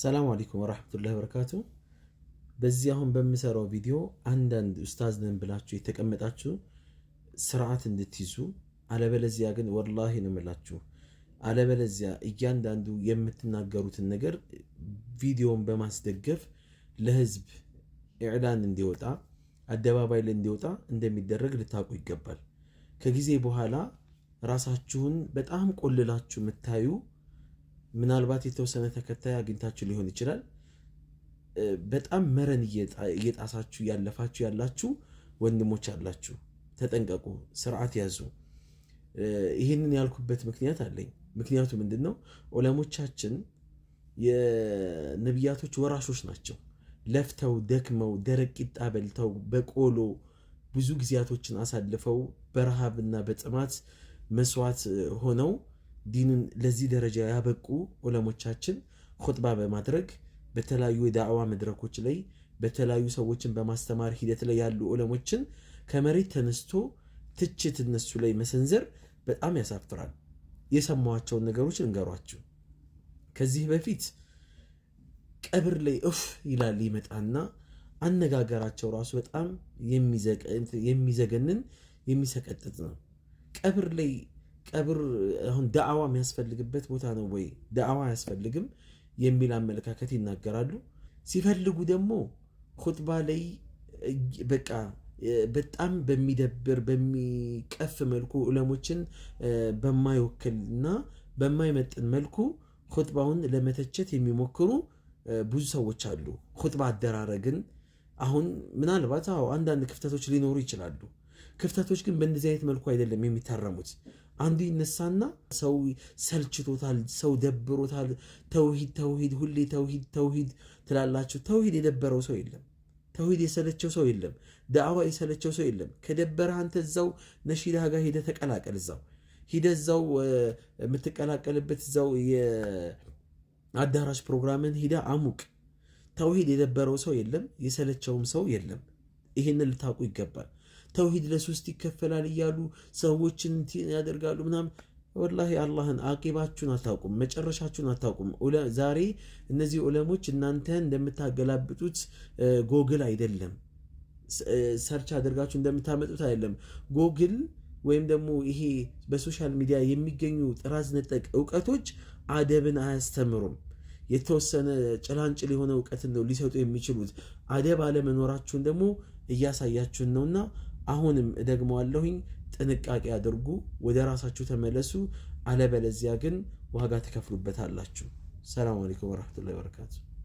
ሰላም አለይኩም ወራህመቱላሂ ወበረካቱ። በዚህ አሁን በምሰራው ቪዲዮ አንዳንድ ኡስታዝ ነን ብላችሁ የተቀመጣችሁ ስርዓት እንድትይዙ፣ አለበለዚያ ግን ወላሂ ነው የምላችሁ፣ አለበለዚያ እያንዳንዱ የምትናገሩትን ነገር ቪዲዮን በማስደገፍ ለህዝብ ኢዕላን እንዲወጣ አደባባይ ላይ እንዲወጣ እንደሚደረግ ልታውቁ ይገባል። ከጊዜ በኋላ ራሳችሁን በጣም ቆልላችሁ የምታዩ ምናልባት የተወሰነ ተከታይ አግኝታችሁ ሊሆን ይችላል። በጣም መረን እየጣሳችሁ ያለፋችሁ ያላችሁ ወንድሞች አላችሁ፣ ተጠንቀቁ፣ ስርዓት ያዙ። ይህንን ያልኩበት ምክንያት አለኝ። ምክንያቱ ምንድን ነው? ዑለሞቻችን የነቢያቶች ወራሾች ናቸው። ለፍተው ደክመው ደረቅ ቂጣ በልተው በቆሎ ብዙ ጊዜያቶችን አሳልፈው በረሃብና በጥማት መስዋዕት ሆነው ዲንን ለዚህ ደረጃ ያበቁ ዑለሞቻችን ኹጥባ በማድረግ በተለያዩ የዳዕዋ መድረኮች ላይ በተለያዩ ሰዎችን በማስተማር ሂደት ላይ ያሉ ዑለሞችን ከመሬት ተነስቶ ትችት እነሱ ላይ መሰንዘር በጣም ያሳፍራል። የሰማኋቸውን ነገሮች እንገሯችሁ። ከዚህ በፊት ቀብር ላይ እፍ ይላል ይመጣና አነጋገራቸው ራሱ በጣም የሚዘገንን የሚሰቀጥጥ ነው። ቀብር ላይ ቀብር አሁን ዳዕዋ የሚያስፈልግበት ቦታ ነው ወይ ዳዕዋ አያስፈልግም የሚል አመለካከት ይናገራሉ። ሲፈልጉ ደግሞ ሁጥባ ላይ በቃ በጣም በሚደብር በሚቀፍ መልኩ ዑለሞችን በማይወክል ና በማይመጥን መልኩ ሁጥባውን ለመተቸት የሚሞክሩ ብዙ ሰዎች አሉ። ሁጥባ አደራረግን አሁን ምናልባት አንዳንድ ክፍተቶች ሊኖሩ ይችላሉ። ክፍተቶች ግን በእንደዚህ አይነት መልኩ አይደለም የሚታረሙት። አንዱ ይነሳና ሰው ሰልችቶታል፣ ሰው ደብሮታል፣ ተውሂድ ተውሂድ፣ ሁሌ ተውሂድ ተውሂድ ትላላችሁ። ተውሂድ የደበረው ሰው የለም። ተውሂድ የሰለቸው ሰው የለም። ዳዕዋ የሰለቸው ሰው የለም። ከደበረ አንተ እዛው ነሺዳ ጋር ሂደ ተቀላቀል። እዛው ሂደ እዛው የምትቀላቀልበት እዛው የአዳራሽ ፕሮግራምን ሂደ አሙቅ። ተውሂድ የደበረው ሰው የለም። የሰለቸውም ሰው የለም። ይህንን ልታውቁ ይገባል። ተውሂድ ለሶስት ይከፈላል እያሉ ሰዎችን ያደርጋሉ ምናምን። ወላሂ አላህን አቂባችሁን አታውቁም፣ መጨረሻችሁን አታውቁም። ዛሬ እነዚህ ዑለሞች እናንተ እንደምታገላብጡት ጎግል አይደለም፣ ሰርች አድርጋችሁ እንደምታመጡት አይደለም። ጎግል ወይም ደግሞ ይሄ በሶሻል ሚዲያ የሚገኙ ጥራዝ ነጠቅ እውቀቶች አደብን አያስተምሩም። የተወሰነ ጭላንጭል የሆነ እውቀትን ነው ሊሰጡ የሚችሉት። አደብ አለመኖራችሁን ደግሞ እያሳያችሁን ነውና አሁንም እደግመዋለሁኝ፣ ጥንቃቄ አድርጉ፣ ወደ ራሳችሁ ተመለሱ። አለበለዚያ ግን ዋጋ ትከፍሉበታላችሁ። ሰላም አለይኩም ወረሕመቱላሂ ወበረካቱ።